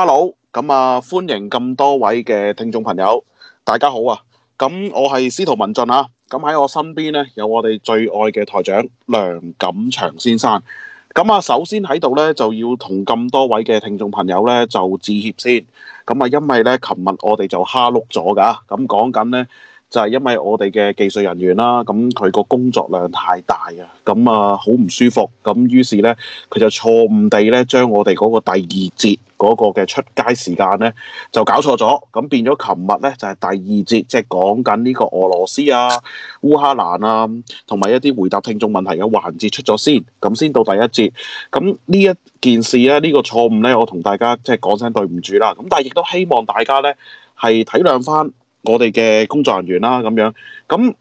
Hello，咁啊歡迎咁多位嘅聽眾朋友，大家好啊！咁我係司徒文進啊，咁喺我身邊咧有我哋最愛嘅台長梁錦祥先生，咁啊首先喺度咧就要同咁多位嘅聽眾朋友咧就致歉先，咁啊因為咧琴日我哋就蝦碌咗噶，咁講緊咧。就係因為我哋嘅技術人員啦，咁佢個工作量太大啊，咁啊好唔舒服，咁於是呢，佢就錯誤地呢，將我哋嗰個第二節嗰個嘅出街時間呢，就搞錯咗，咁變咗琴日呢就係第二節，即係講緊呢個俄羅斯啊、烏克蘭啊，同埋一啲回答聽眾問題嘅環節出咗先，咁先到第一節。咁呢一件事呢，呢個錯誤呢，我同大家即係講聲對唔住啦。咁但係亦都希望大家呢，係體諒翻。我哋嘅工作人員啦，咁樣咁。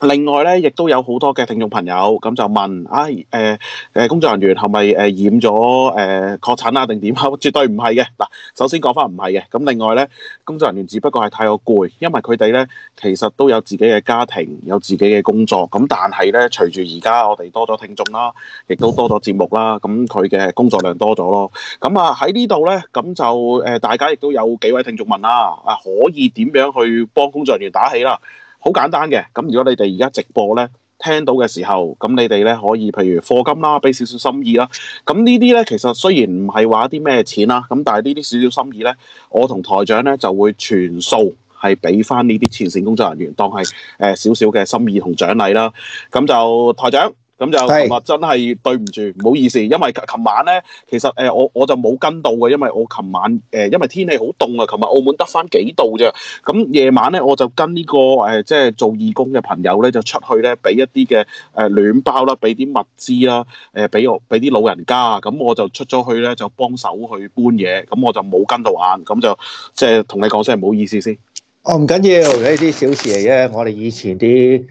另外咧，亦都有好多嘅聽眾朋友咁就問，唉、哎，誒，誒，工作人員係咪誒染咗誒確診啊？定點啊？絕對唔係嘅。嗱，首先講返唔係嘅。咁另外咧，工作人員只不過係太過攰，因為佢哋咧其實都有自己嘅家庭，有自己嘅工作。咁但係咧，隨住而家我哋多咗聽眾啦，亦都多咗節目啦。咁佢嘅工作量多咗咯。咁啊喺呢度咧，咁就誒，大家亦都有幾位聽眾問啦，啊，可以點樣去幫工作人員打氣啦？好簡單嘅，咁如果你哋而家直播呢，聽到嘅時候，咁你哋呢可以譬如課金啦，俾少少心意啦，咁呢啲呢，其實雖然唔係話啲咩錢啦，咁但係呢啲少少心意呢，我同台長呢就會全數係俾翻呢啲前線工作人員當係誒少少嘅心意同獎勵啦，咁就台長。咁就琴日真係對唔住，唔好意思，因為琴晚咧，其實誒、呃、我我就冇跟到嘅，因為我琴晚誒、呃、因為天氣好凍啊，琴日澳門得翻幾度啫。咁、嗯、夜晚咧，我就跟呢、這個誒即係做義工嘅朋友咧，就出去咧俾一啲嘅誒暖包啦，俾啲物資啦，誒俾我俾啲老人家。咁、嗯、我就出咗去咧、嗯嗯，就幫手去搬嘢，咁我就冇跟到眼，咁就即係同你講聲唔好意思先。哦，唔緊要，呢啲小事嚟、啊、嘅，我哋以前啲。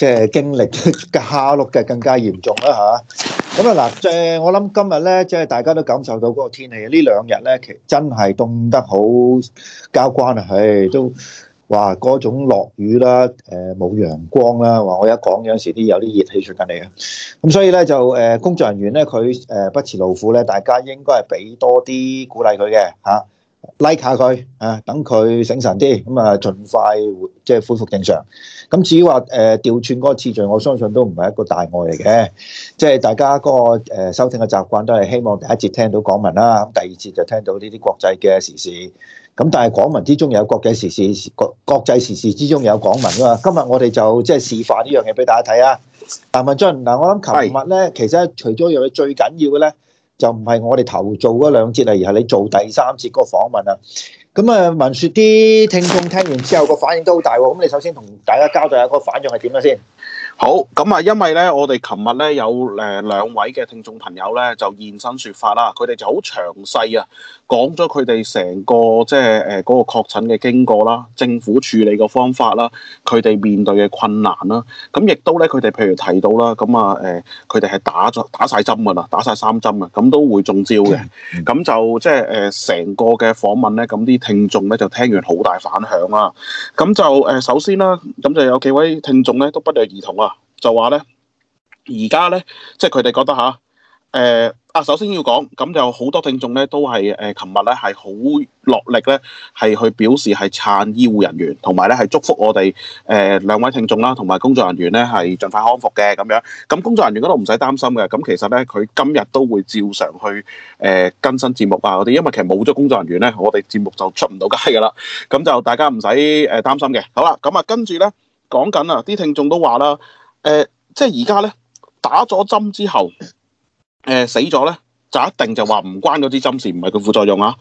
即係經歷嘅下落嘅更加嚴重啦嚇，咁啊嗱，即係我諗今日咧，即係大家都感受到嗰個天氣啊！呢兩日咧，其實真係凍得好交關、呃、啊！唉，都哇嗰種落雨啦，誒冇陽光啦，話我一講有時啲有啲熱氣出緊嚟嘅，咁所以咧就誒、呃、工作人員咧佢誒不辭勞苦咧，大家應該係俾多啲鼓勵佢嘅嚇。啊拉、like、下佢啊，等佢醒神啲，咁啊，盡快即係、就是、恢復正常。咁至於話誒、呃、調轉嗰個次序，我相信都唔係一個大礙嚟嘅。即、就、係、是、大家嗰、那個、呃、收聽嘅習慣都係希望第一節聽到港聞啦，咁第二節就聽到呢啲國際嘅時事。咁但係港聞之中有國際時事，國國際時事之中有港聞啊嘛。今日我哋就即係、就是、示範呢樣嘢俾大家睇啊。文進嗱、啊，我諗琴日咧，是其實除咗一樣嘢最緊要嘅咧。就唔係我哋頭做嗰兩節啊，而係你做第三節嗰個訪問啊。咁、嗯、啊，聞説啲聽眾聽完之後個反應都好大喎。咁你首先同大家交代下個反應係點樣先？好咁啊，因為咧，我哋琴日咧有誒兩位嘅聽眾朋友咧就現身說法啦，佢哋就好詳細啊，講咗佢哋成個即係誒嗰個確診嘅經過啦，政府處理嘅方法啦，佢哋面對嘅困難啦，咁亦都咧佢哋譬如提到啦，咁啊誒佢哋係打咗打晒針噶啦，打晒三針嘅，咁都會中招嘅，咁、嗯嗯、就即係誒成個嘅訪問咧，咁啲聽眾咧就聽完好大反響啦，咁就誒首先啦，咁就有幾位聽眾咧都不約而同啊。就話咧，而家咧，即係佢哋覺得嚇，誒啊，啊，首先要講，咁就好多聽眾咧，都係誒，琴日咧係好落力咧，係去表示係撐醫護人員，同埋咧係祝福我哋誒、呃、兩位聽眾啦，同埋工作人員咧係盡快康復嘅咁樣。咁工作人員嗰度唔使擔心嘅，咁其實咧佢今日都會照常去誒、呃、更新節目啊，我哋因為其實冇咗工作人員咧，我哋節目就出唔到街噶啦。咁就大家唔使誒擔心嘅。好啦，咁啊跟住咧講緊啊啲聽眾都話啦。啊啊啊誒、呃，即係而家咧打咗針之後，誒、呃、死咗咧就一定就話唔關嗰支針事，唔係佢副作用啊。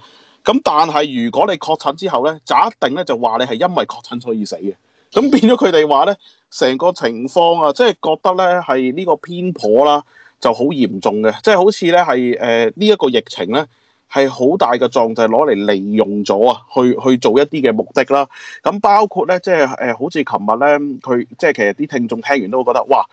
咁但係如果你確診之後咧，就一定咧就話你係因為確診所以死嘅。咁變咗佢哋話咧，成個情況啊，即係覺得咧係呢個偏頗啦，就好嚴重嘅，即係好似咧係誒呢一、呃這個疫情咧。係好大嘅狀就攞嚟利用咗啊，去去做一啲嘅目的啦。咁包括咧、就是呃，即係誒，好似琴日咧，佢即係其實啲聽眾聽完都會覺得，哇！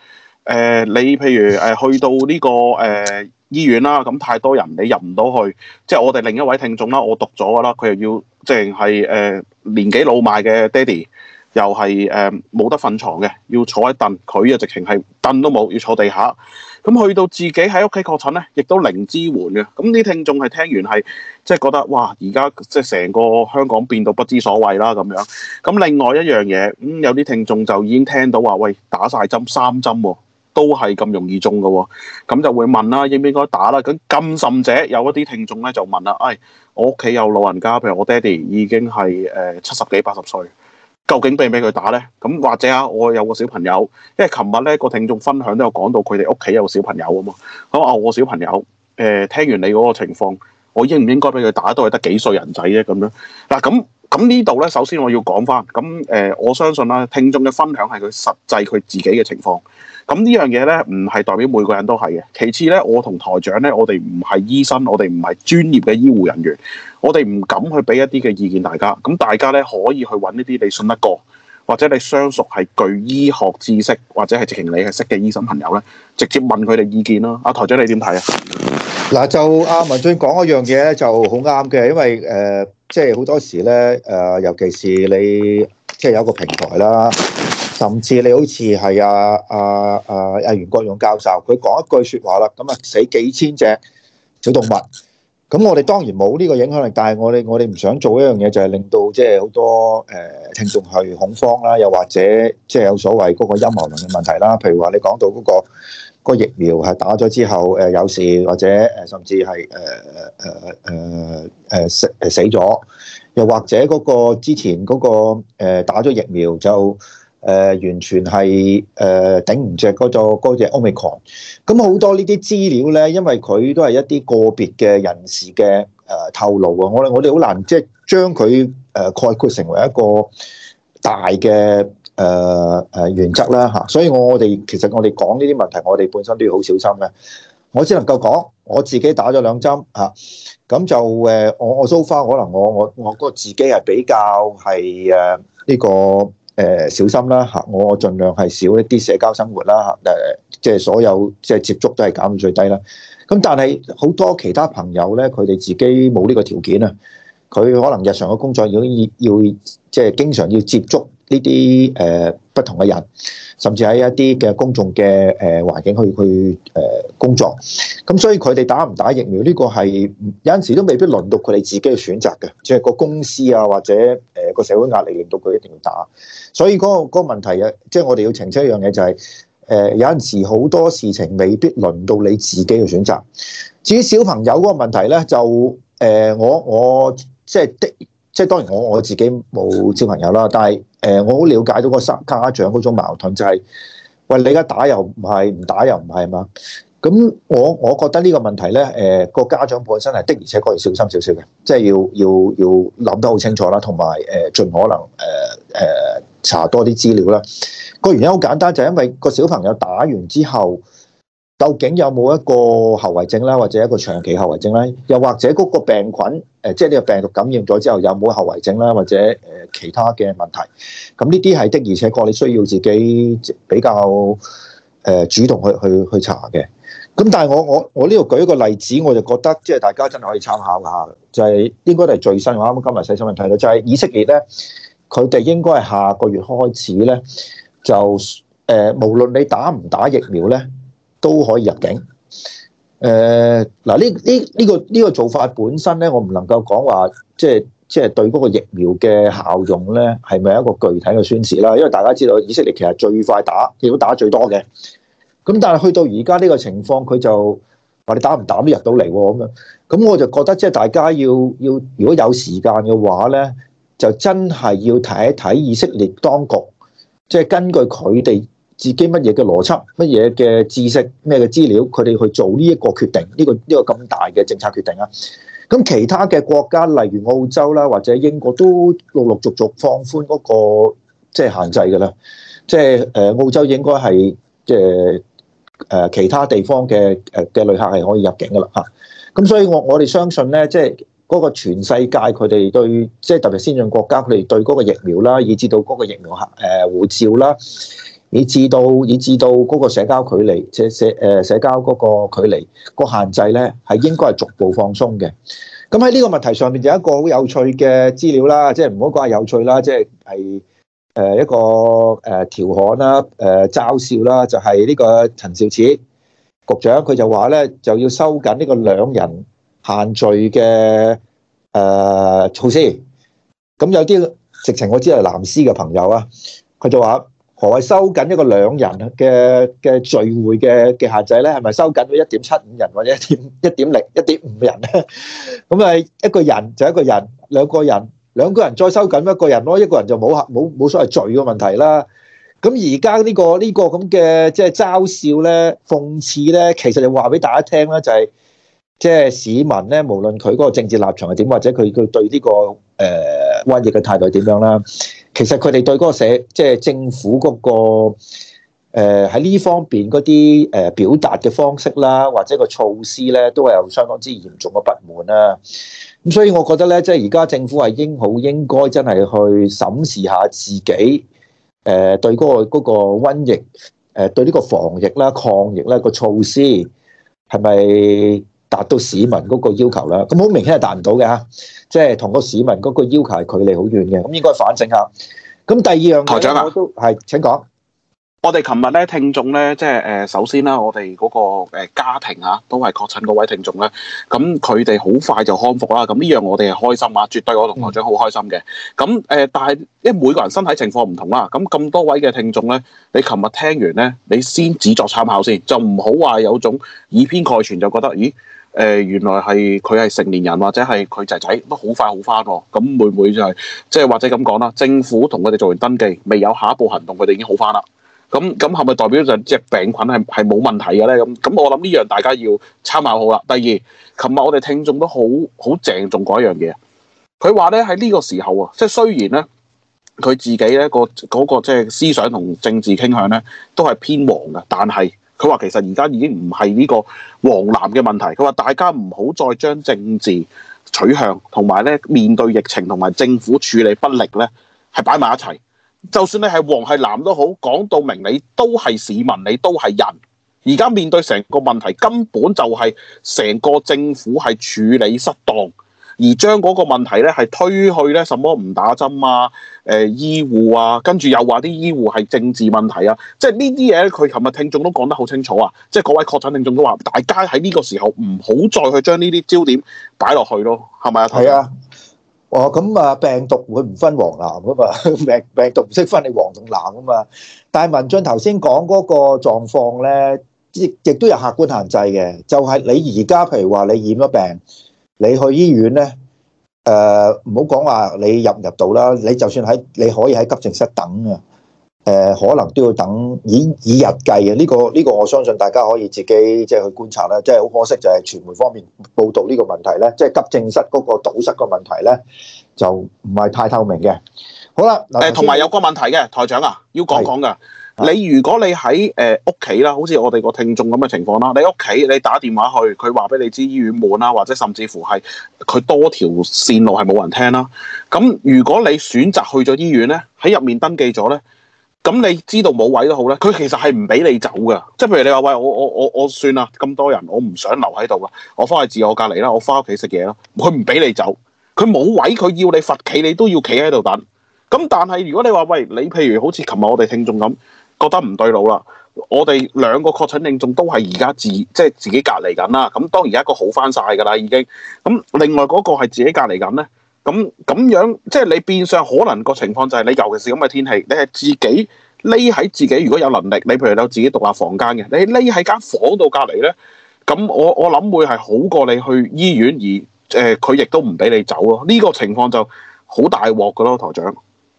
誒、呃，你譬如誒去到呢、這個誒、呃、醫院啦，咁太多人，你入唔到去。即係我哋另一位聽眾啦，我讀咗噶啦，佢又要即係係、呃、年紀老邁嘅爹哋，又係誒冇得瞓床嘅，要坐喺凳。佢啊，直情係凳都冇，要坐地下。咁去到自己喺屋企確診咧，亦都零支援嘅。咁啲聽眾係聽完係即係覺得，哇，而家即係成個香港變到不知所謂啦咁樣。咁另外一樣嘢，咁、嗯、有啲聽眾就已經聽到話，喂，打晒針三針喎、啊，都係咁容易中嘅喎、啊，咁就會問啦、啊，應唔應該打啦、啊？咁咁甚者有一啲聽眾咧就問啦、啊，誒、哎、我屋企有老人家，譬如我爹哋已經係誒七十幾八十歲。究竟俾唔俾佢打呢？咁或者啊，我有個小朋友，因為琴日呢個聽眾分享都有講到佢哋屋企有小朋友啊嘛。咁啊，我小朋友，誒、呃，聽完你嗰個情況，我應唔應該俾佢打？都係得幾歲人仔啫咁樣。嗱，咁咁呢度呢，首先我要講翻，咁誒、呃，我相信啦，聽眾嘅分享係佢實際佢自己嘅情況。咁呢樣嘢呢，唔係代表每個人都係嘅。其次呢，我同台長呢，我哋唔係醫生，我哋唔係專業嘅醫護人員，我哋唔敢去俾一啲嘅意見大家。咁大家呢，可以去揾一啲你信得過，或者你相熟係具醫學知識，或者係直情你係識嘅醫生朋友呢，直接問佢哋意見咯。阿、啊、台長你點睇啊？嗱，就阿文進講嗰樣嘢咧，就好啱嘅，因為誒、呃，即係好多時呢，誒、呃，尤其是你即係有一個平台啦。甚至你好似係阿阿阿阿袁國勇教授，佢講一句説話啦，咁啊，死幾千隻小動物，咁我哋當然冇呢個影響力，但係我哋我哋唔想做一樣嘢，就係令到即係好多誒、呃、聽眾去恐慌啦，又或者即係有所謂嗰個陰謀論嘅問題啦。譬如話你講到嗰、嗰個、嗰個疫苗係打咗之後，誒有事或者誒甚至係誒誒誒誒誒死誒死咗，又或者嗰個之前嗰個誒打咗疫苗就。誒、呃、完全係誒、呃、頂唔著嗰、那個嗰隻奧密克戎，咁好多呢啲資料咧，因為佢都係一啲個別嘅人士嘅誒透露啊，我我哋好難即係將佢誒、呃、概括成為一個大嘅誒誒原則啦嚇，所以我哋其實我哋講呢啲問題，我哋本身都要好小心嘅。我只能夠講我自己打咗兩針嚇，咁、啊、就誒、呃、我我 so far 可能我我我嗰個自己係比較係誒呢個。誒、呃、小心啦嚇！我盡量係少一啲社交生活啦嚇，誒即係所有即係、就是、接觸都係減到最低啦。咁但係好多其他朋友咧，佢哋自己冇呢個條件啊，佢可能日常嘅工作要要即係、就是、經常要接觸。呢啲誒不同嘅人，甚至喺一啲嘅公眾嘅誒環境去去誒、呃、工作，咁所以佢哋打唔打疫苗呢，這個係有陣時都未必輪到佢哋自己嘅選擇嘅，即、就、係、是、個公司啊或者誒個、呃、社會壓力令到佢一定要打，所以嗰、那個那個問題啊，即、就、係、是、我哋要澄清一樣嘢就係、是、誒、呃、有陣時好多事情未必輪到你自己去選擇。至於小朋友嗰個問題咧，就誒、呃、我我即係的。就是即係當然我，我我自己冇小朋友啦，但係誒、呃，我好了解到個家長嗰種矛盾就係、是，喂，你而家打又唔係，唔打又唔係嘛？咁我我覺得呢個問題咧，誒、呃、個家長本身係的，而且確，確要小心少少嘅，即、就、係、是、要要要諗得好清楚啦，同埋誒盡可能誒誒、呃呃、查多啲資料啦。個原因好簡單，就係、因為個小朋友打完之後。究竟有冇一個後遺症啦，或者一個長期後遺症啦，又或者嗰個病菌誒，即係呢個病毒感染咗之後，有冇後遺症啦？或者誒其他嘅問題？咁呢啲係的，而且確你需要自己比較誒主動去去去查嘅。咁但係我我我呢度舉一個例子，我就覺得即係大家真係可以參考下，就係、是、應該係最新。我啱啱今日細心問題啦，就係、是、以色列咧，佢哋應該係下個月開始咧就誒、呃，無論你打唔打疫苗咧。都可以入境。誒嗱，呢呢呢個呢個做法本身咧，我唔能夠講話，即係即係對嗰個疫苗嘅效用咧，係咪一個具體嘅宣示啦？因為大家知道以色列其實最快打，亦都打最多嘅。咁但係去到而家呢個情況，佢就話你打唔打都入到嚟喎咁樣。咁我就覺得即係大家要要，如果有時間嘅話咧，就真係要睇一睇以色列當局，即係根據佢哋。自己乜嘢嘅邏輯，乜嘢嘅知識，咩嘅資料，佢哋去做呢一個決定，呢個呢個咁大嘅政策決定啊！咁其他嘅國家，例如澳洲啦，或者英國都陸陸續續放寬嗰個即係限制㗎啦。即係誒澳洲應該係誒誒其他地方嘅誒嘅旅客係可以入境㗎啦嚇。咁所以我我哋相信咧，即係嗰個全世界佢哋對，即係特別先進國家佢哋對嗰個疫苗啦，以至到嗰個疫苗誒護照啦。以至到以至到嗰個社交距離，即係社誒社交嗰個距離個限制咧，係應該係逐步放鬆嘅。咁喺呢個問題上面，有一個好有趣嘅資料啦，即係唔好講係有趣啦，即係係誒一個誒調侃啦、誒嘲笑啦，就係呢個陳肇始局長佢就話咧，就要收緊呢個兩人限聚嘅誒措施。咁有啲直情我知係藍絲嘅朋友啊，佢就話。何謂收緊一個兩人嘅嘅聚會嘅嘅限制咧？係咪收緊到一點七五人或者一點一點零、一點五人咧？咁啊，一個人就一個人，兩個人，兩個人再收緊一個人咯，一個人就冇冇冇所謂聚嘅問題啦。咁而家呢個呢、這個咁嘅即係嘲笑咧、諷刺咧，其實就話俾大家聽、就、啦、是，就係即係市民咧，無論佢嗰個政治立場係點，或者佢佢對呢、呢個誒、呃、瘟疫嘅態度點樣啦。其實佢哋對嗰個社，即係政府嗰個誒喺呢方面嗰啲誒表達嘅方式啦，或者個措施咧，都係有相當之嚴重嘅不滿啦。咁所以我覺得咧，即係而家政府係應好應該真係去審視下自己誒對嗰個嗰個瘟疫誒對呢個防疫啦、抗疫啦個措施係咪達到市民嗰個要求啦，咁好明顯係達唔到嘅嚇，即係同個市民嗰個要求係距離好遠嘅，咁應該反省下。咁第二樣台長啊，係請講、呃。我哋琴日咧聽眾咧，即係誒首先啦，我哋嗰個家庭嚇、啊、都係確診嗰位聽眾咧，咁佢哋好快就康復啦。咁呢樣我哋係開心啊，絕對我同台長好開心嘅。咁誒、呃，但係因為每個人身體情況唔同啦，咁咁多位嘅聽眾咧，你琴日聽完咧，你先只作參考先，就唔好話有種以偏概全，就覺得，咦？誒、呃、原來係佢係成年人或者係佢仔仔都好快好翻喎，咁會唔會就係、是、即係或者咁講啦？政府同佢哋做完登記，未有下一步行動，佢哋已經好翻啦。咁咁係咪代表就隻病菌係係冇問題嘅咧？咁咁我諗呢樣大家要參考好啦。第二，琴日我哋聽眾都好好鄭重講一樣嘢，佢話咧喺呢個時候啊，即係雖然咧佢自己咧、嗰個嗰、嗰個即係思想同政治傾向咧都係偏黃嘅，但係。佢話其實而家已經唔係呢個黃藍嘅問題。佢話大家唔好再將政治取向同埋咧面對疫情同埋政府處理不力咧係擺埋一齊。就算你係黃係藍都好，講到明你都係市民，你都係人。而家面對成個問題根本就係成個政府係處理失當。而將嗰個問題咧，係推去咧，什麼唔打針啊，誒、呃，醫護啊，跟住又話啲醫護係政治問題啊！即係呢啲嘢佢琴日聽眾都講得好清楚啊！即係嗰位確診聽眾都話，大家喺呢個時候唔好再去將呢啲焦點擺落去咯，係咪啊？係啊！哦，咁啊，病毒會唔分黃藍啊嘛，病病毒唔識分你黃同藍啊嘛。但係文進頭先講嗰個狀況咧，亦亦都有客觀限制嘅，就係、是、你而家譬如話你染咗病。你去醫院咧，誒，唔好講話你入唔入到啦。你就算喺，你可以喺急症室等嘅，誒，可能都要等，以以日計嘅。呢個呢個，我相信大家可以自己即係去觀察啦。即係好可惜，就係傳媒方面報道呢個問題咧，即係急症室嗰個堵塞個問題咧，就唔係太透明嘅。好啦，誒，同埋有個問題嘅台長啊，要講講噶。你如果你喺誒屋企啦，好似我哋個聽眾咁嘅情況啦，你屋企你打電話去，佢話俾你知醫院滿啦，或者甚至乎係佢多條線路係冇人聽啦。咁如果你選擇去咗醫院呢，喺入面登記咗呢，咁你知道冇位都好咧，佢其實係唔俾你走噶。即係譬如你話喂，我我我我算啦，咁多人我唔想留喺度啦，我翻去自我隔離啦，我翻屋企食嘢咯。佢唔俾你走，佢冇位，佢要你罰企，你都要企喺度等。咁但係如果你話喂，你譬如好似琴日我哋聽眾咁，覺得唔對路啦！我哋兩個確診症仲都係而家自即係自己隔離緊啦。咁當然一個好翻晒噶啦，已經。咁另外嗰個係自己隔離緊呢。咁咁樣即係你變相可能個情況就係、是、你，尤其是咁嘅天氣，你係自己匿喺自己。如果有能力，你譬如你自己獨立房間嘅，你匿喺間房度隔離呢。咁我我諗會係好過你去醫院，而誒佢亦都唔俾你走咯。呢、這個情況就好大鑊噶咯，台長。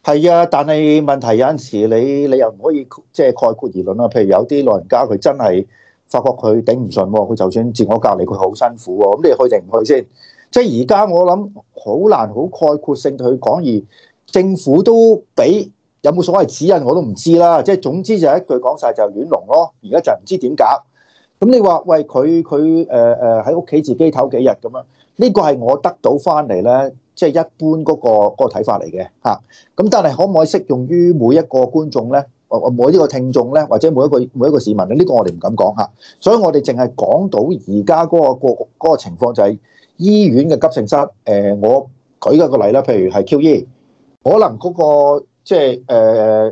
係啊，但係問題有陣時你你又唔可以即係、就是、概括而論啊。譬如有啲老人家佢真係發覺佢頂唔順喎，佢就算自我隔離佢好辛苦喎。咁你去定唔去先？即係而家我諗好難好概括性去講，而政府都俾有冇所謂指引我都唔知啦。即係總之就係一句講晒，就亂龍咯。而、呃、家就唔知點搞。咁你話喂佢佢誒誒喺屋企自己唞幾日咁樣？呢、這個係我得到翻嚟咧。即係一般嗰個嗰個睇法嚟嘅嚇，咁但係可唔可以適用於每一個觀眾咧？我我每一個聽眾咧，或者每一個每一個市民咧，呢個我哋唔敢講嚇。所以我哋淨係講到而家嗰個個嗰個情況就係醫院嘅急症室。誒，我舉一個例啦，譬如係 QE，可能嗰個即係誒誒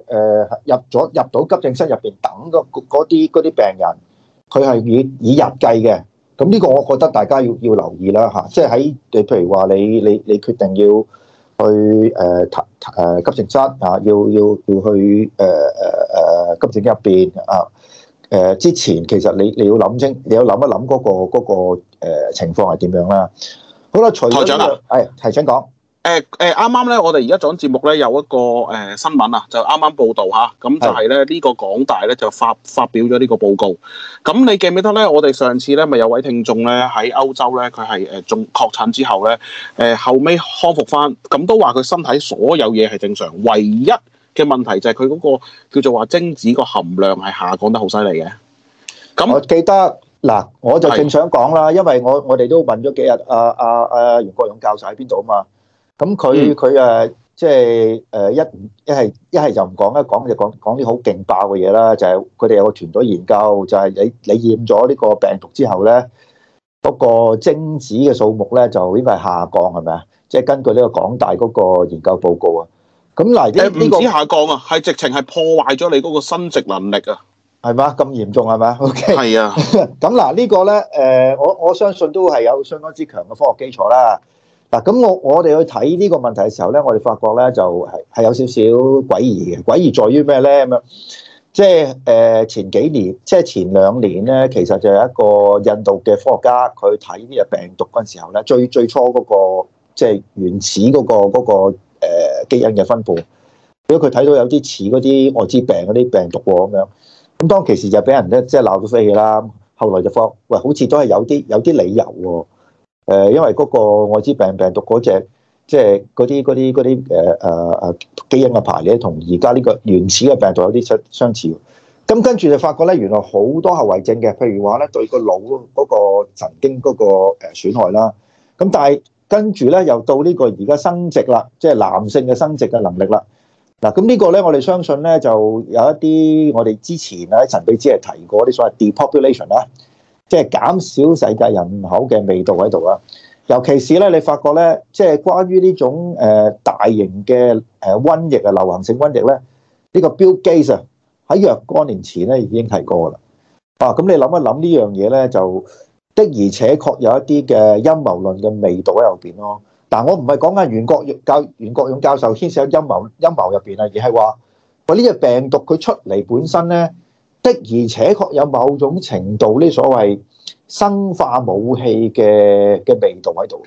入咗入到急症室入邊等嘅嗰啲嗰啲病人，佢係以以日計嘅。咁呢個我覺得大家要要留意啦嚇、啊，即係喺你譬如話你你你，你決定要去誒誒、呃呃、急症室啊，要要要去誒誒誒急症入邊啊誒、呃、之前其實你你要諗清，你要諗一諗嗰、那個嗰、那個、情況係點樣啦。好啦，台長、這個、啊，係係請講。誒誒，啱啱咧，我哋而家做緊節目咧，有一個誒新聞剛剛啊，就啱啱報道吓，咁就係咧呢個港大咧就發發表咗呢個報告。咁你記唔記得咧？我哋上次咧咪有位聽眾咧喺歐洲咧，佢係誒中確診之後咧誒後尾康復翻，咁都話佢身體所有嘢係正常，唯一嘅問題就係佢嗰個叫做話精子個含量係下降得好犀利嘅。咁我記得嗱，我就正想講啦，的因為我我哋都問咗幾日阿阿阿袁國勇教授喺邊度啊嘛。咁佢佢誒，即係誒一唔一係一係就唔講啦，講就講講啲好勁爆嘅嘢啦。就係佢哋有個團隊研究，就係你你驗咗呢個病毒之後咧，嗰個精子嘅數目咧就應該係下降係咪啊？即係根據呢個港大嗰個研究報告啊。咁嗱，誒唔止下降啊，係直情係破壞咗你嗰個生殖能力啊，係嘛？咁嚴重係咪？OK，係啊。咁嗱，呢個咧誒，我我相信都係有相當之強嘅科學基礎啦。嗱，咁我我哋去睇呢個問題嘅時候咧，我哋發覺咧就係、係、係有少少詭異嘅，詭異在於咩咧咁樣？即係誒前幾年，即、就、係、係、前兩年咧，其實就有一個印度嘅科學家，佢睇呢個病毒嗰陣時候咧，最最初嗰、嗰個即係、就是、原始嗰、嗰個嗰、嗰個基因嘅分布，如果佢睇到有啲似嗰啲愛滋病嗰啲病毒喎咁樣，咁當其時就俾人咧即係鬧到飛起啦，後來就發覺喂，好似都係有啲有啲理由喎。誒，因為嗰個愛滋病病毒嗰隻，即係嗰啲啲啲誒誒誒基因嘅排列，同而家呢個原始嘅病毒有啲相相似。咁跟住就發覺咧，原來好多後遺症嘅，譬如話咧對個腦嗰個神經嗰個誒損害啦。咁但係跟住咧又到呢個而家生殖啦，即係男性嘅生殖嘅能力啦。嗱，咁呢個咧我哋相信咧就有一啲我哋之前啊曾經提過啲所謂 depopulation 啦。即係減少世界人口嘅味道喺度啦，尤其是咧，你發覺咧，即係關於呢種誒大型嘅誒瘟疫啊，流行性瘟疫咧，呢個 Bill Gates 喺若干年前咧已經提過啦。啊，咁你諗一諗呢樣嘢咧，就的而且確有一啲嘅陰謀論嘅味道喺入邊咯。但我唔係講緊袁國教袁國勇教授牽涉喺陰謀陰謀入邊啊，而係話我呢個病毒佢出嚟本身咧。的而且確有某種程度呢，所謂生化武器嘅嘅味道喺度，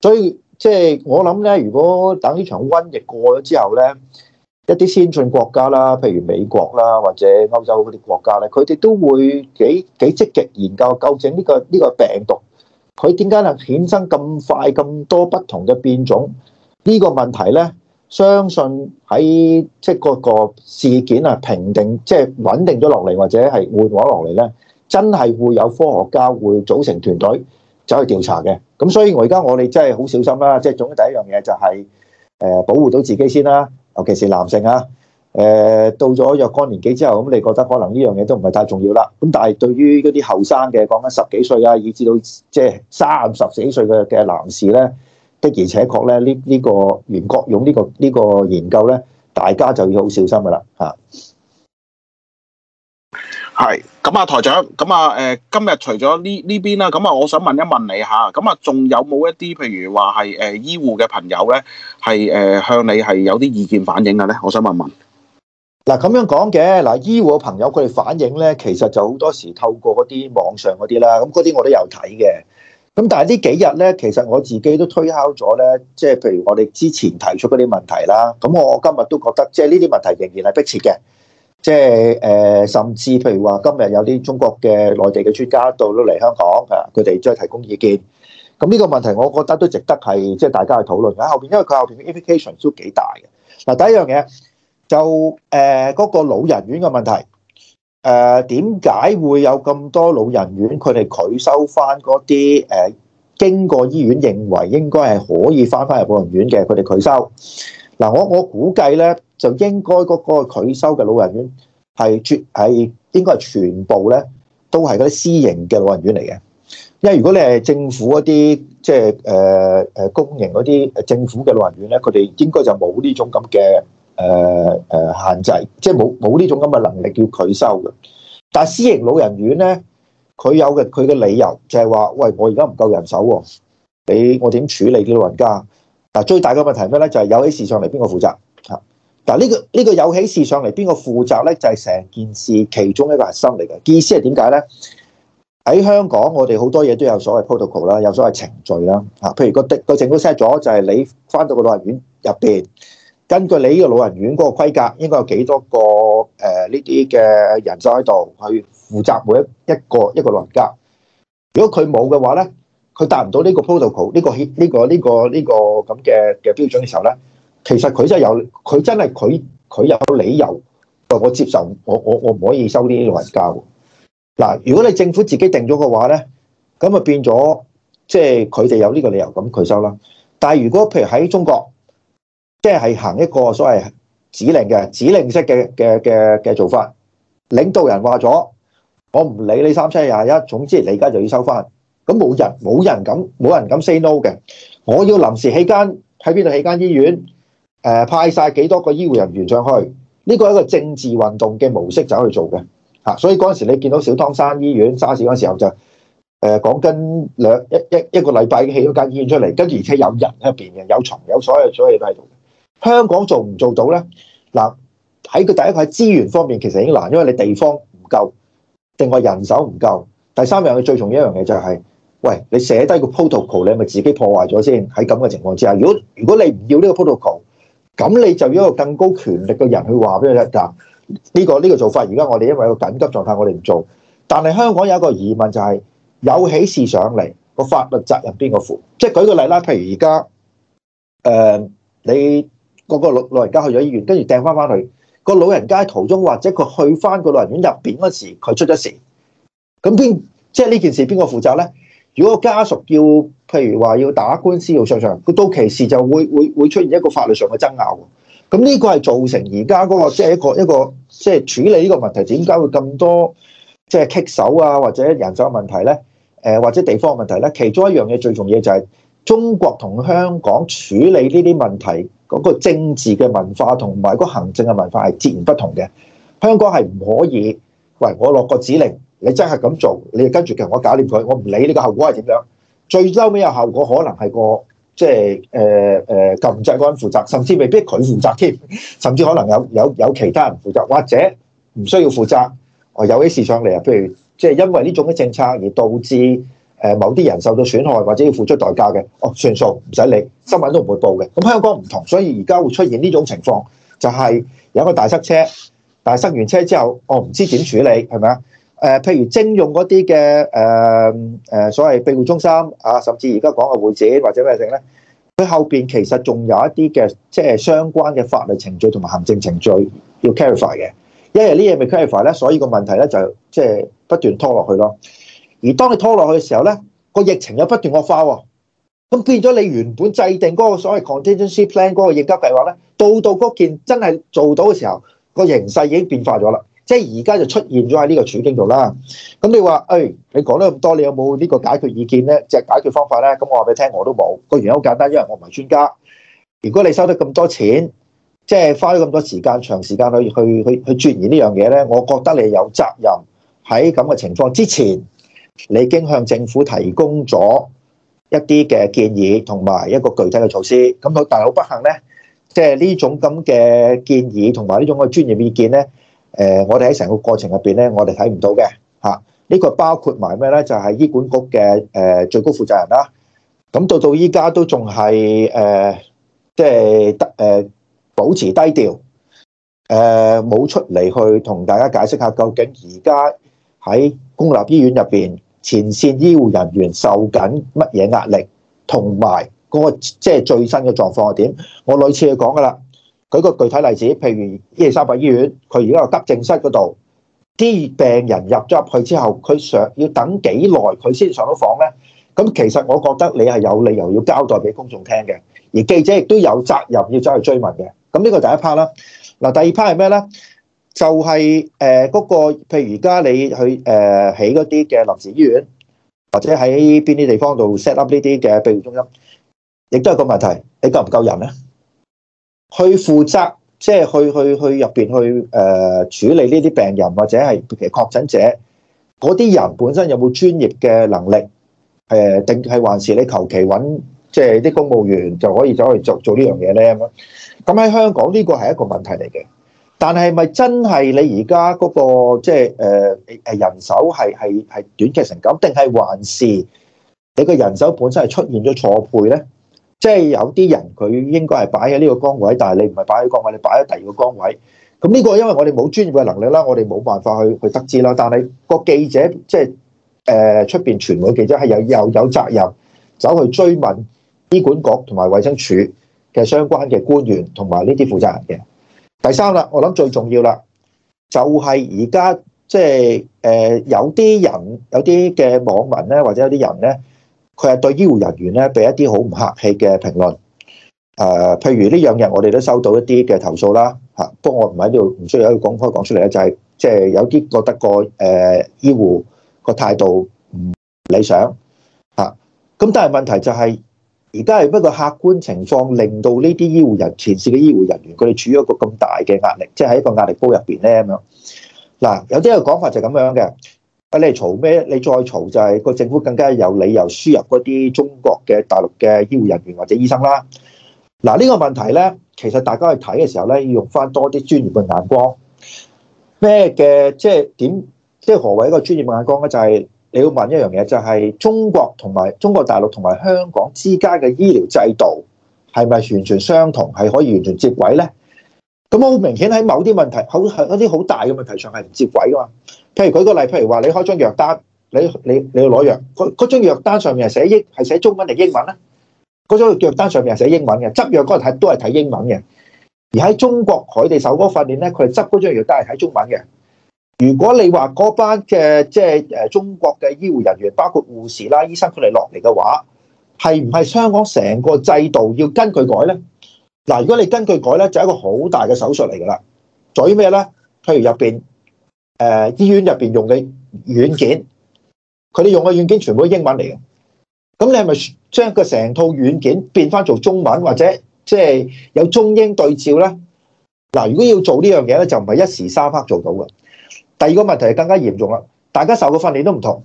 所以即係、就是、我諗咧，如果等呢場瘟疫過咗之後咧，一啲先進國家啦，譬如美國啦或者歐洲嗰啲國家咧，佢哋都會幾幾積極研究究竟呢個呢、這個病毒，佢點解能衍生咁快咁多不同嘅變種呢、這個問題咧？相信喺即係個事件啊，評定即係穩定咗落嚟，或者係緩和落嚟咧，真係會有科學家會組成團隊走去調查嘅。咁所以，我而家我哋真係好小心啦。即係總之第一樣嘢就係誒保護到自己先啦。尤其是男性啊，誒到咗若干年紀之後，咁你覺得可能呢樣嘢都唔係太重要啦。咁但係對於嗰啲後生嘅，講緊十幾歲啊，以至到即係三十幾歲嘅嘅男士咧。的而且確咧，呢、呢、呢個袁、呢個、國勇呢、呢個呢、呢個研究咧，大家就要好小心噶啦嚇。係咁啊，台長咁啊誒，今日除咗、呃、呢、呃、呢邊啦，咁啊，我想問一問你嚇，咁啊，仲有冇一啲譬如話係誒醫護嘅朋友咧，係誒向你係有啲意見反映嘅咧？我想問問。嗱，咁樣講嘅嗱，醫護嘅朋友佢哋反映咧，其實就好多時透過嗰啲網上嗰啲啦，咁嗰啲我都有睇嘅。咁但係呢幾日咧，其實我自己都推敲咗咧，即係譬如我哋之前提出嗰啲問題啦。咁我今日都覺得，即係呢啲問題仍然係迫切嘅。即係誒，甚至譬如話今日有啲中國嘅內地嘅專家到都嚟香港啊，佢哋再提供意見。咁呢個問題，我覺得都值得係即係大家去討論，喺後邊，因為佢後邊嘅 application 都幾大嘅。嗱，第一樣嘢就誒，嗰個老人院嘅問題。誒，點解會有咁多老人院，佢哋拒收翻嗰啲誒，經過醫院認為應該係可以翻翻入老人院嘅，佢哋拒收。嗱、呃，我我估計咧，就應該嗰個拒收嘅老人院係絕係應該係全部咧，都係嗰啲私營嘅老人院嚟嘅。因為如果你係政府嗰啲即係誒誒公營嗰啲政府嘅老人院咧，佢哋應該就冇呢種咁嘅誒誒、呃、限制，即係冇冇呢種咁嘅能力叫拒收嘅。但係私營老人院咧，佢有嘅佢嘅理由就係話，喂，我而家唔夠人手喎、啊，你我點處理啲老人家？嗱，最大嘅問題係咩咧？就係、是、有起事上嚟，邊個負責？嚇、這個！嗱，呢個呢個有起事上嚟，邊個負責咧？就係、是、成件事其中一個核心嚟嘅。意思係點解咧？喺香港，我哋好多嘢都有所謂 protocol 啦，有所謂程序啦。嚇，譬如、那個的、那個政府 set 咗，就係、是、你返到個老人院入邊，根據你呢個老人院嗰個規格，應該有幾多個誒呢啲嘅人手喺度去負責每一一個一個老人家？如果佢冇嘅話咧，佢達唔到呢個 protocol 呢、呢個協呢、呢個呢、呢個呢、呢個咁嘅嘅標準嘅時候咧，其實佢真係有佢真係佢佢有理由話我接受我我我唔可以收呢啲老人家㗎。嗱，如果你政府自己定咗嘅話咧，咁啊變咗即係佢哋有呢個理由咁拒收啦。但係如果譬如喺中國，即係行一個所謂指令嘅指令式嘅嘅嘅嘅做法。領導人話咗，我唔理你三七廿一，總之你而家就要收翻。咁冇人冇人敢冇人敢 say no 嘅。我要臨時起間喺邊度起間醫院？誒、呃，派晒幾多個醫護人員上去？呢個係一個政治運動嘅模式就去做嘅嚇、啊。所以嗰陣時你見到小湯山醫院沙士嗰陣時候就誒、呃、講緊兩一一一個禮拜起咗間醫院出嚟，跟住而且有人喺入邊嘅有牀有所有所有嘢香港做唔做到咧？嗱，喺佢第一個喺資源方面，其實已經難，因為你地方唔夠，定係人手唔夠。第三樣嘢最重要一樣嘢就係、是，喂，你寫低個 protocol，你咪自己破壞咗先。喺咁嘅情況之下，如果如果你唔要呢個 protocol，咁你就要一個更高權力嘅人去話俾佢聽。呢、這個呢、這個做法，而家我哋因為個緊急狀態，我哋唔做。但係香港有一個疑問就係、是，有起事上嚟個法律責任邊個負？即係舉個例啦，譬如而家，誒、呃，你。個個老老人家去咗醫院，跟住掟翻翻去個老人家途中，或者佢去翻個老人院入邊嗰時，佢出咗事，咁邊即係呢件事邊個負責咧？如果家屬要譬如話要打官司要上場，佢到期時就會會會出現一個法律上嘅爭拗。咁呢個係造成而家嗰個即係一個、就是、一個即係、就是、處理呢個問題點解會咁多即係、就是、棘手啊或者人手嘅問題咧？誒或者地方嘅問題咧？其中一樣嘢最重要就係、是、中國同香港處理呢啲問題。嗰個政治嘅文化同埋嗰個行政嘅文化係截然不同嘅。香港係唔可以，喂，我落個指令，你真係咁做，你跟住我搞掂佢，我唔理呢個後果係點樣。最收尾嘅後果，可能係個即係誒誒禁制嗰人負責，甚至未必佢負責添，甚至可能有有有其他人負責，或者唔需要負責。我有啲事上嚟啊，譬如即係、就是、因為呢種嘅政策而導致。誒某啲人受到損害或者要付出代價嘅，哦，算數唔使理，新聞都唔會報嘅。咁香港唔同，所以而家會出現呢種情況，就係、是、有一個大塞車，但係塞完車之後，我、哦、唔知點處理，係咪啊？誒、呃，譬如徵用嗰啲嘅誒誒所謂庇護中心啊，甚至而家講嘅會展或者咩嘢剩咧，佢後邊其實仲有一啲嘅即係相關嘅法律程序同埋行政程序要 clarify 嘅，因為呢嘢未 clarify 咧，所以個問題咧就即係、就是、不斷拖落去咯。而當你拖落去嘅時候咧，個疫情又不斷惡化喎，咁變咗你原本制定嗰個所謂 contingency plan 嗰個應急計劃咧，到到嗰件真係做到嘅時候，個形勢已經變化咗啦，即係而家就出現咗喺呢個處境度啦。咁你話，哎，你講得咁多，你有冇呢個解決意見咧？即係解決方法咧？咁我話俾你聽，我都冇。個原因好簡單，因為我唔係專家。如果你收得咁多錢，即係花咗咁多時間、長時間去去去去鑽研呢樣嘢咧，我覺得你有責任喺咁嘅情況之前。你已經向政府提供咗一啲嘅建議同埋一個具體嘅措施。咁但係好不幸咧，即係呢種咁嘅建議同埋呢種嘅專業意見咧，誒，我哋喺成個過程入邊咧，我哋睇唔到嘅吓。呢個包括埋咩咧？就係醫管局嘅誒最高負責人啦。咁到到依家，都仲係誒，即係低誒保持低調，誒冇出嚟去同大家解釋下究竟而家喺公立醫院入邊前線醫護人員受緊乜嘢壓力，同埋嗰個即係、就是、最新嘅狀況係點？我類似去講噶啦，舉個具體例子，譬如二三八醫院，佢而家有急症室嗰度啲病人入咗入去之後，佢上要等幾耐，佢先上到房呢？咁其實我覺得你係有理由要交代俾公眾聽嘅，而記者亦都有責任要走去追問嘅。咁呢個第一 part 啦，嗱，第二 part 係咩呢？就係誒嗰個，譬如而家你去誒起嗰啲嘅臨時醫院，或者喺邊啲地方度 set up 呢啲嘅庇護中心，亦都係個問題。你夠唔夠人咧？去負責，即係去去去入邊去誒處理呢啲病人或者係其實確診者嗰啲人本身有冇專業嘅能力？誒，定係還是你求其揾即係啲公務員就可以走去做做呢樣嘢咧？咁樣咁喺香港呢個係一個問題嚟嘅。但係咪真係你而家嗰個即係誒誒人手係係係短期成咁，定係還是你個人手本身係出現咗錯配咧？即係有啲人佢應該係擺喺呢個崗位，但係你唔係擺喺崗位，你擺喺第二個崗位。咁呢個因為我哋冇專業嘅能力啦，我哋冇辦法去去得知啦。但係個記者即係誒出邊傳媒記者係有又有，有責任走去追問醫管局同埋衛生署嘅相關嘅官員同埋呢啲負責人嘅。第三啦，我諗最重要啦，就係而家即係誒，有啲人有啲嘅網民咧，或者有啲人咧，佢係對醫護人員咧，俾一啲好唔客氣嘅評論。誒，譬如呢樣嘢，我哋都收到一啲嘅投訴啦。吓，不過我唔喺度，唔需要喺度公開講出嚟咧，就係即係有啲覺得個誒，醫護個態度唔理想。吓，咁但係問題就係，而家係一個客觀情況，令到呢啲醫護人，前線嘅醫護人員。佢哋處於一個咁大嘅壓力，即係喺一個壓力煲入邊咧咁樣。嗱，有啲嘅講法就係咁樣嘅。你係嘈咩？你再嘈就係個政府更加有理由輸入嗰啲中國嘅大陸嘅醫護人員或者醫生啦。嗱，呢個問題咧，其實大家去睇嘅時候咧，要用翻多啲專業嘅眼光。咩嘅？即係點？即係何為一個專業嘅眼光咧？就係你要問一樣嘢，就係中國同埋中國大陸同埋香港之間嘅醫療制度，係咪完全相同，係可以完全接軌咧？咁好明顯喺某啲問題，好一啲好大嘅問題上係唔接軌噶嘛？譬如舉個例，譬如話你開張藥單，你你你要攞藥，嗰嗰張藥單上面係寫英係寫中文定英文咧、啊？嗰張藥單上面係寫英文嘅，執藥嗰陣係都係睇英文嘅。而喺中國海地首嗰訓練咧，佢執嗰張藥單係睇中文嘅。如果你話嗰班嘅即係誒中國嘅醫護人員，包括護士啦、醫生佢哋落嚟嘅話，係唔係香港成個制度要跟佢改呢？嗱，如果你跟佢改呢，就係一個好大嘅手術嚟噶啦。在於咩呢？譬如入邊，誒、呃、醫院入邊用嘅軟件，佢哋用嘅軟件全部都英文嚟嘅。咁你係咪將個成套軟件變翻做中文，或者即係有中英對照呢？嗱，如果要做呢樣嘢呢，就唔係一時三刻做到嘅。第二個問題係更加嚴重啦，大家受嘅訓練都唔同。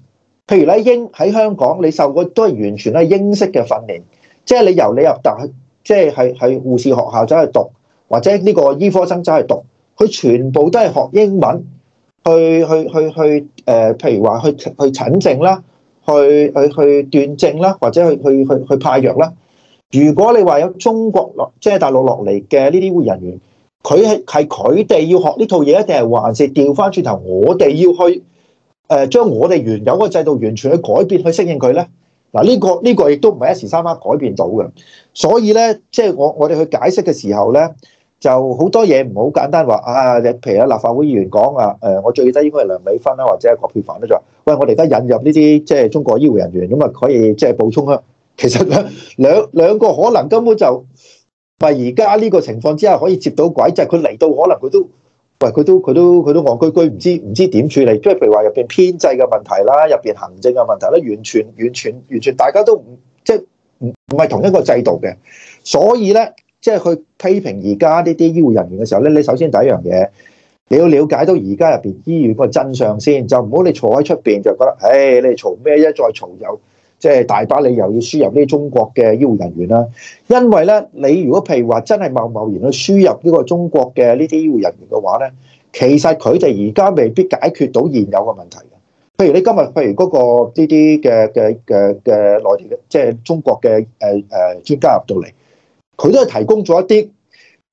譬如咧英喺香港，你受過都係完全係英式嘅訓練，即係你由你入大，即係係係護士學校走去讀，或者呢個醫科生走去讀，佢全部都係學英文去去去去誒、呃，譬如話去去，去診症啦，去去去斷症啦，或者去去去去派藥啦。如果你話有中國落即係大陸落嚟嘅呢啲護人員，佢係係佢哋要學呢套嘢，定係還是調返轉頭我哋要去？誒將我哋原有個制度完全去改變去適應佢咧，嗱，這、呢個呢、這個亦都唔係一時三刻改變到嘅，所以咧即係我我哋去解釋嘅時候咧，就好多嘢唔好簡單話啊，譬如有立法會議員講啊，誒、呃、我最低應該係梁美芬啦，或者係葛珮帆咧就話，喂，我哋而家引入呢啲即係中國醫護人員咁啊可以即係補充啦，其實兩兩兩個可能根本就唔係而家呢個情況之下可以接到鬼，就係佢嚟到可能佢都。喂，佢都佢都佢都戇居居，唔知唔知點處理，即係譬如話入邊編制嘅問題啦，入邊行政嘅問題咧，完全完全完全，完全大家都唔即係唔唔係同一個制度嘅，所以咧即係去批評而家呢啲醫護人員嘅時候咧，你首先第一樣嘢你要了解到而家入邊醫院個真相先，就唔好你坐喺出邊就覺得，唉、哎，你哋嘈咩？一再嘈又。即係大把理由要輸入呢啲中國嘅醫護人員啦，因為咧，你如果譬如話真係貿貿然去輸入呢個中國嘅呢啲醫護人員嘅話咧，其實佢哋而家未必解決到現有嘅問題嘅。譬如你今日譬如嗰個呢啲嘅嘅嘅嘅內地嘅，即係中國嘅誒誒專家入到嚟，佢都係提供咗一啲，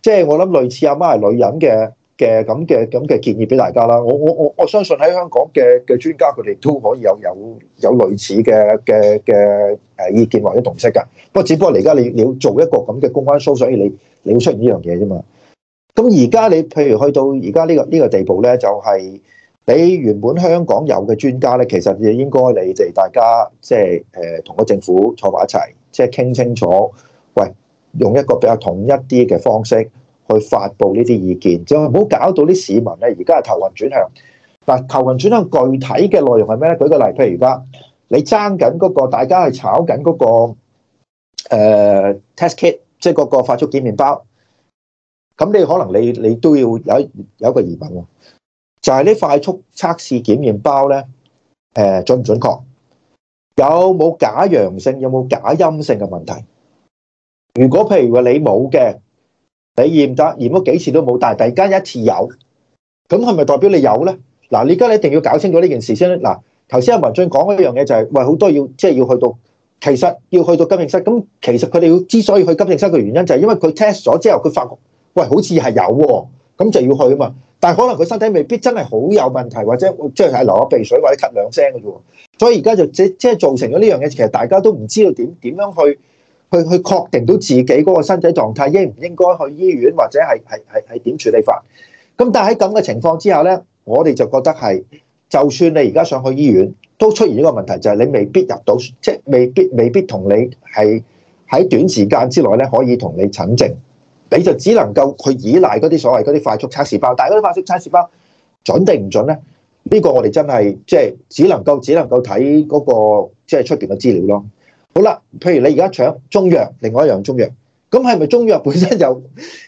即係我諗類似阿媽係女人嘅。嘅咁嘅咁嘅建議俾大家啦，我我我我相信喺香港嘅嘅專家佢哋都可以有有有類似嘅嘅嘅誒意見或者同識噶，不過只不過你而家你你要做一個咁嘅公關 show，所以你你會出現呢樣嘢啫嘛。咁而家你譬如去到而家呢個呢個地步咧，就係你原本香港有嘅專家咧，其實應該你哋大家即係誒同個政府坐埋一齊，即係傾清楚，喂，用一個比較統一啲嘅方式。去發布呢啲意見，就唔好搞到啲市民咧。而家係頭暈轉向，嗱，頭暈轉向，具體嘅內容係咩咧？舉個例，譬如而家你爭緊嗰個，大家係炒緊嗰個，呃，test kit，即係嗰個快速檢驗包。咁你可能你你都要有有一個疑問喎，就係呢快速測試檢驗包咧，誒，準唔準確？有冇假陽性？有冇假陰性嘅問題？如果譬如話你冇嘅。你驗得驗咗幾次都冇，但係突然間一次有，咁係咪代表你有咧？嗱，你而家你一定要搞清楚呢件事先嗱，頭先阿文俊講一樣嘢就係、是，喂好多要即係要去到，其實要去到急症室。咁其實佢哋要之所以去急症室嘅原因就係因為佢 test 咗之後，佢發覺喂好似係有喎，咁就要去啊嘛。但係可能佢身體未必真係好有問題，或者即係流咗鼻水或者咳兩聲嘅啫。所以而家就即即係造成咗呢樣嘢，其實大家都唔知道點點樣,樣去。去去確定到自己嗰個身體狀態應唔應該去醫院或者係係係係點處理法？咁但係喺咁嘅情況之下呢，我哋就覺得係，就算你而家想去醫院，都出現一個問題就係你未必入到，即係未必未必同你係喺短時間之內呢可以同你診症，你就只能夠去依賴嗰啲所謂嗰啲快速測試包，但係嗰啲快速測試包準定唔準呢？呢個我哋真係即係只能夠只能夠睇嗰個即係出邊嘅資料咯。好啦，譬如你而家搶中藥，另外一樣中藥，咁係咪中藥本身就有，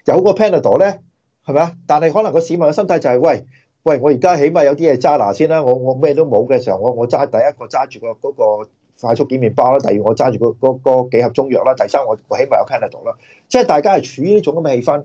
有個 Panadol 咧？係咪啊？但係可能個市民嘅心態就係、是、喂喂，我而家起碼有啲嘢揸嗱先啦，我我咩都冇嘅時候，我我揸第一個揸住個嗰快速麵包啦，第二我揸住、嗰個嗰、嗰個、幾盒中藥啦，第三我我起碼有 Panadol 啦。即係大家係處於呢種咁嘅氣氛，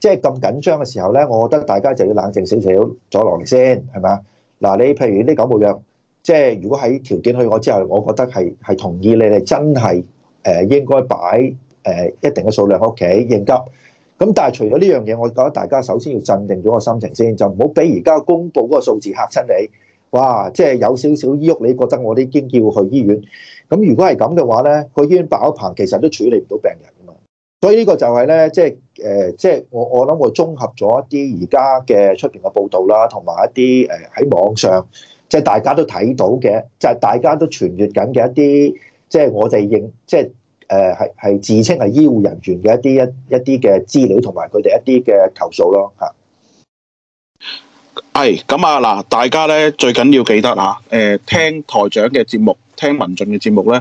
即係咁緊張嘅時候咧，我覺得大家就要冷靜少少，阻落嚟先，係咪啊？嗱，你譬如呢感冒藥。即係如果喺條件去我之後，我覺得係係同意你哋真係誒應該擺誒一定嘅數量喺屋企應急。咁但係除咗呢樣嘢，我覺得大家首先要鎮定咗個心情先，就唔好俾而家公布嗰個數字嚇親你。哇！即係有少少依喐，你覺得我啲已經要去醫院。咁如果係咁嘅話咧，個醫院爆棚，其實都處理唔到病人噶嘛。所以呢個就係咧，即係誒，即係我我諗我綜合咗一啲而家嘅出邊嘅報道啦，同埋一啲誒喺網上。即係大家都睇到嘅，即係大家都傳閱緊嘅一啲，即係我哋認，即係誒係係自稱係醫護人員嘅一啲一一啲嘅資料同埋佢哋一啲嘅投訴咯嚇。係咁啊嗱，大家咧最緊要記得啊，誒聽台長嘅節目，聽文進嘅節目咧。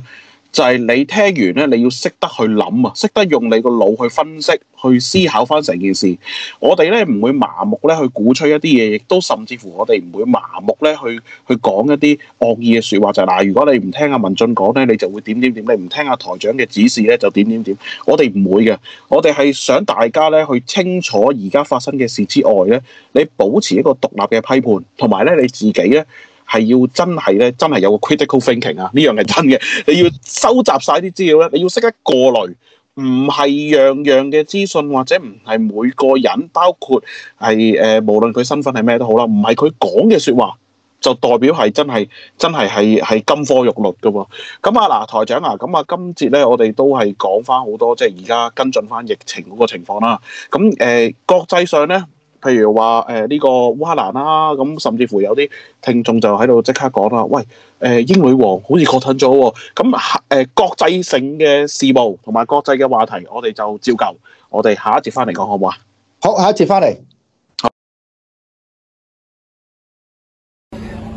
就係你聽完咧，你要識得去諗啊，識得用你個腦去分析、去思考翻成件事。我哋咧唔會麻木咧去鼓吹一啲嘢，亦都甚至乎我哋唔會麻木咧去去講一啲惡意嘅説話。就係嗱，如果你唔聽阿文進講咧，你就會點點點；你唔聽阿台長嘅指示咧，就點點點。我哋唔會嘅，我哋係想大家咧去清楚而家發生嘅事之外咧，你保持一個獨立嘅批判，同埋咧你自己咧。係要真係咧，真係有個 critical thinking 啊！呢樣係真嘅，你要收集晒啲資料咧，你要識得過濾，唔係樣樣嘅資訊或者唔係每個人，包括係誒、呃、無論佢身份係咩都好啦，唔係佢講嘅説話就代表係真係真係係係金科玉律嘅喎。咁啊嗱，台長啊，咁啊今節咧，我哋都係講翻好多即係而家跟進翻疫情嗰個情況啦、啊。咁誒、呃、國際上咧。譬如話誒呢個烏克蘭啦、啊，咁甚至乎有啲聽眾就喺度即刻講啦，喂誒、欸、英女王好似確診咗喎，咁、啊、誒、啊、國際性嘅事務同埋國際嘅話題，我哋就照舊，我哋下一節翻嚟講好唔好啊？好，下一節翻嚟。好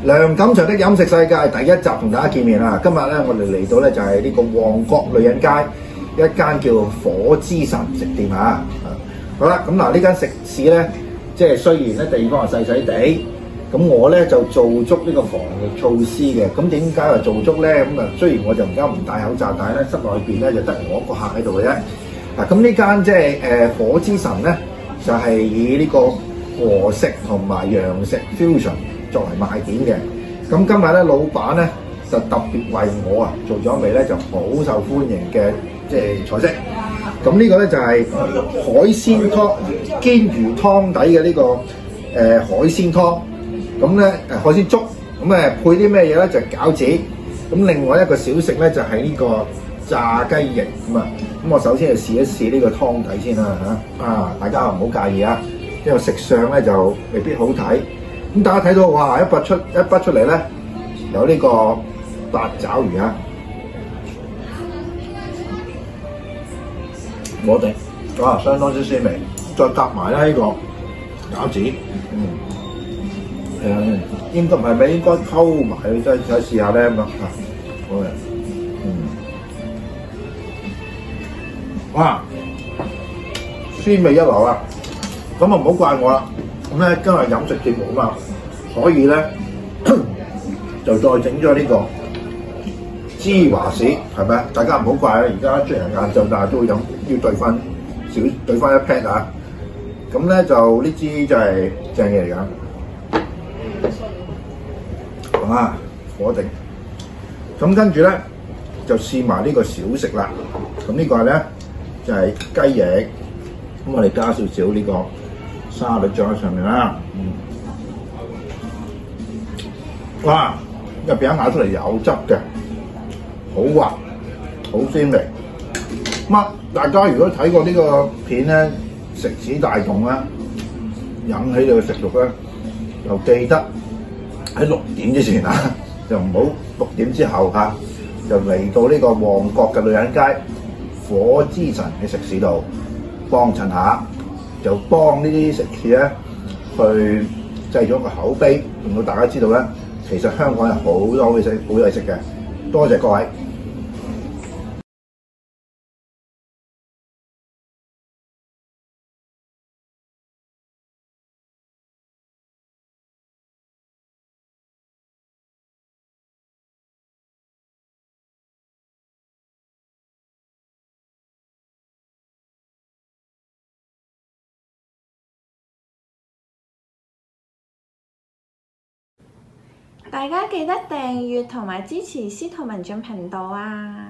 梁錦祥的飲食世界第一集同大家見面啦。今日咧，我哋嚟到咧就係、是、呢個旺角女人街一間叫火之神食店啊。好啦，咁嗱呢間食肆咧。即係雖然咧地方係細細地，咁我咧就做足呢個防疫措施嘅。咁點解又做足咧？咁啊雖然我就而家唔戴口罩，但係咧室內邊咧就得我一個客喺度嘅啫。嗱、啊，咁呢間即係誒火之神咧，就係、是、以呢個和食同埋洋食 fusion 作為賣點嘅。咁、啊、今日咧老闆咧就特別為我啊做咗一味咧就好受歡迎嘅。即係菜式，咁、這個呃、呢個咧就係海鮮湯，鰻魚湯底嘅呢個誒海鮮湯，咁咧誒海鮮粥，咁誒配啲咩嘢咧？就餃、是、子，咁另外一個小食咧就係、是、呢個炸雞翼咁啊！咁我首先就試一試呢個湯底先啦嚇，啊大家唔好介意啊，因為食相咧就未必好睇。咁大家睇到哇一筆出一筆出嚟咧，有呢個八爪魚啊！我哋相當之鮮味，再搭埋咧呢個餃子，嗯，係啊、嗯，應該唔係咩，應該溝埋，再試下呢，唔得，好嘅，嗯，哇，鮮味一流啊，咁啊唔好怪我啦，今日飲食節目啊嘛，所以呢，就再整咗呢個。芝華士係咪大家唔好怪啊！而家出嚟晏晝，但係都飲要對翻少對翻一 pat 啊！咁咧就呢支就係正嘢嚟緊。哇！火定。咁跟住咧就試埋呢個小食啦。咁呢個咧就係、係、雞翼。咁我哋加少少呢個沙律醬喺上面啦。哇、嗯！入面咬出嚟有汁嘅。好滑，好鮮味。咁、啊、大家如果睇過呢個片咧，食肆大眾咧，引起你嘅食欲，咧，就記得喺六點之前啊，就唔好六點之後嚇、啊，就嚟到呢個旺角嘅女人街，火之神喺食肆度幫襯下，就幫呢啲食肆咧去製咗個口碑，令到大家知道咧，其實香港有好多好嘢食，好嘢食嘅。多謝各位。大家記得訂閱同埋支持司徒文進頻道啊！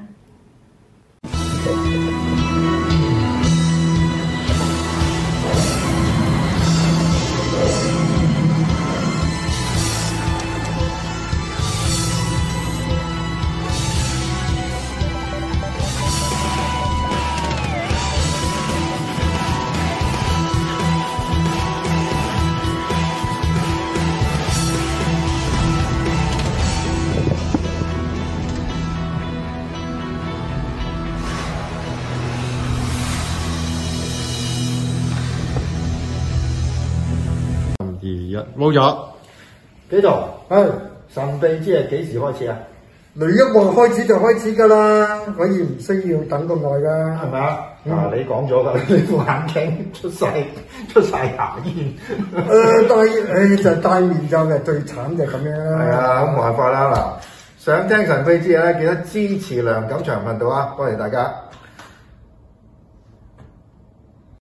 冇有幾多？神秘之夜幾時開始啊？雷一雲開始就開始㗎啦，可以唔需要等咁耐㗎，係咪、嗯啊、你講咗㗎，呢副眼鏡出曬出曬牙煙。誒對、 呃哎，就戴、是、面罩係最慘就咁樣。係啊，冇辦法啦嗱，想聽神秘之夜咧，記得支持梁錦祥頻道啊，多謝大家。